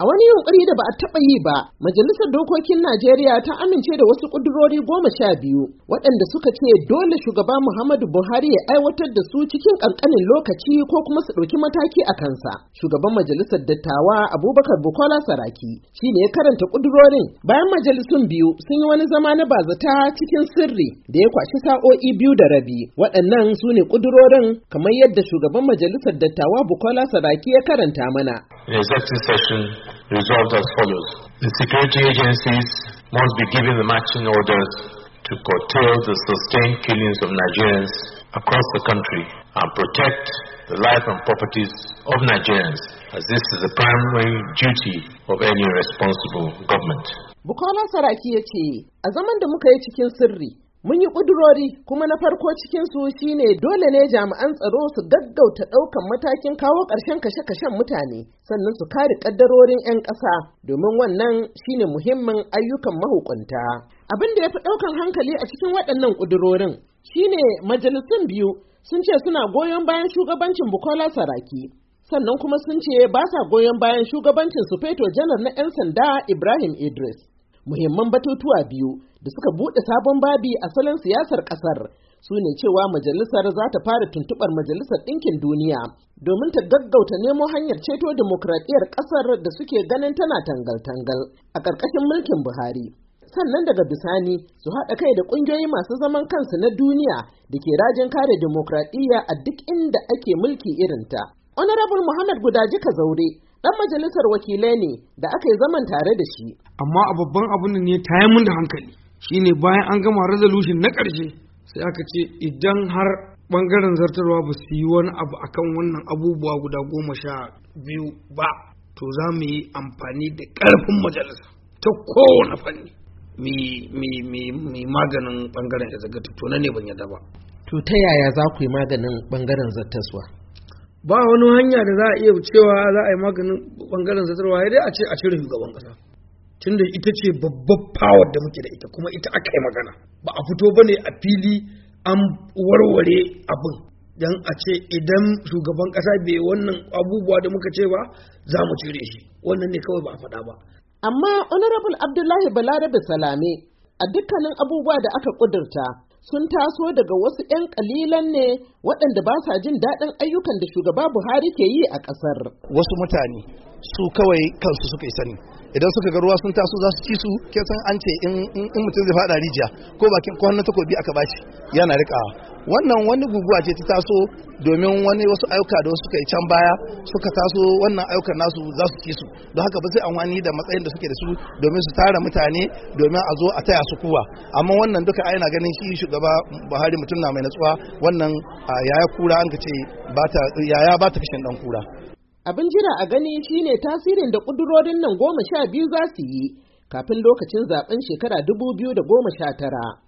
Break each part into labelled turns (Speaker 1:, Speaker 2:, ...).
Speaker 1: A wani yunkuri da ba a taɓa yi ba, Majalisar Dokokin Najeriya ta amince da wasu ƙudurori goma sha biyu, waɗanda suka ce dole shugaba Muhammadu Buhari ya aiwatar da su cikin ƙanƙanin lokaci ko kuma su ɗauki mataki a kansa. Shugaban Majalisar Dattawa Abubakar Bukola Saraki shi ne ya karanta ƙudurorin bayan majalisun biyu sun yi wani zama na bazata cikin sirri da ya kwashi sa'o'i biyu da rabi. Waɗannan su ne ƙudurorin kamar yadda shugaban Majalisar Dattawa Bukola Saraki ya karanta mana.
Speaker 2: in executive session resolved as follows. The security agencies must be given the matching orders
Speaker 1: to curtail the sustained killings of Nigerians across the country and protect the life and properties of Nigerians as this is the primary duty of any responsible government. Bukola Saraki a zaman da muka yi cikin sirri, Mun yi ƙudurori kuma na farko cikinsu shine dole ne jami'an tsaro su gaggauta ɗaukan matakin kawo ƙarshen kashe-kashen mutane sannan su kare ƙaddarorin 'yan ƙasa domin wannan shine muhimmin ayyukan mahukunta. Abin da ya fi ɗaukan hankali a cikin waɗannan ƙudurorin shine majalisun biyu sun ce suna goyon bayan shugabancin Bukola Saraki. Sannan kuma sun ce ba sa goyon bayan shugabancin Sufeto Janar na 'yan sanda Ibrahim Idris. muhimman batutuwa biyu da suka buɗe sabon babi a salon siyasar ƙasar su ne cewa majalisar za ta fara tuntuɓar majalisar ɗinkin duniya domin ta gaggauta nemo hanyar ceto demokradiyyar ƙasar da suke ganin tana tangal-tangal a ƙarƙashin mulkin Buhari. Sannan daga bisani su haɗa kai da ƙungiyoyi masu zaman kansu na duniya da ke rajin kare demokradiyya a duk inda ake mulki irinta. Honorable Muhammad Gudaji zaure. dan majalisar wakilai ne da aka yi zaman tare da shi.
Speaker 3: Amma a babban abin da ne ta mun da hankali shine bayan an gama resolution na ƙarshe sai aka ce idan har bangaren zartarwa ba su yi wani abu akan wannan abubuwa guda goma sha biyu ba to za mu yi amfani da ƙarfin majalisa ta kowane fanni mai maganin bangaren executive to na ne ban yadda ba.
Speaker 1: To ta yaya za ku yi maganin bangaren zartaswa?
Speaker 3: ba wani hanya da za a iya cewa za a yi maganin bangaren zartarwa ya dai a ce a cire shugaban kasa tunda ita ce babbar power da muke da ita kuma ita aka yi magana ba a fito bane a fili an warware abin dan a ce idan shugaban kasa bai wannan abubuwa da muka ce ba za mu cire shi wannan
Speaker 1: ne kawai ba a faɗa ba amma honorable abdullahi balarabe salame a dukkanin abubuwa da aka kudurta sun taso daga wasu 'yan kalilan ne waɗanda ba sa jin daɗin ayyukan da shugaba Buhari ke yi a ƙasar.
Speaker 2: Wasu mutane su kawai
Speaker 3: kansu suka yi sani. Idan suka ga ruwa sun taso za su ci su, ke san an ce in mutum zai faɗa rijiya ko bakin kwanan takobi aka bashi yana riƙawa. wannan wani guguwa ce ta taso domin wani wasu ayyuka da suka yi can baya suka taso wannan ayyukan nasu za su ci don haka ba sai amfani da matsayin da suke da su domin su tara mutane domin a zo a taya su kuwa amma wannan duka yana ganin shi shugaba Buhari mutum na mai natsuwa wannan yaya kura an
Speaker 1: ce yaya ba ta fashin dan kura abin jira a gani shine tasirin da kudurorin nan goma sha biyu za su yi kafin lokacin zaben shekara dubu biyu da goma sha tara.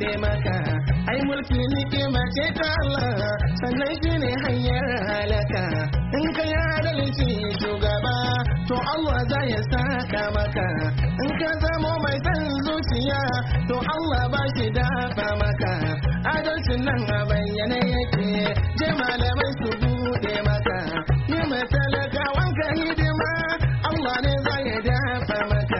Speaker 2: taimaka ai mulki ni'ima ce ta Allah sannan shi ne hanyar halaka in ka yi adalci shugaba to Allah za ya saka maka in ka zamo mai san zuciya to Allah ba shi dafa maka adalcin nan a bayyane yake je malamai su bude maka yi matalaka wanka hidima Allah ne za ya dafa maka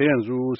Speaker 2: 天竺。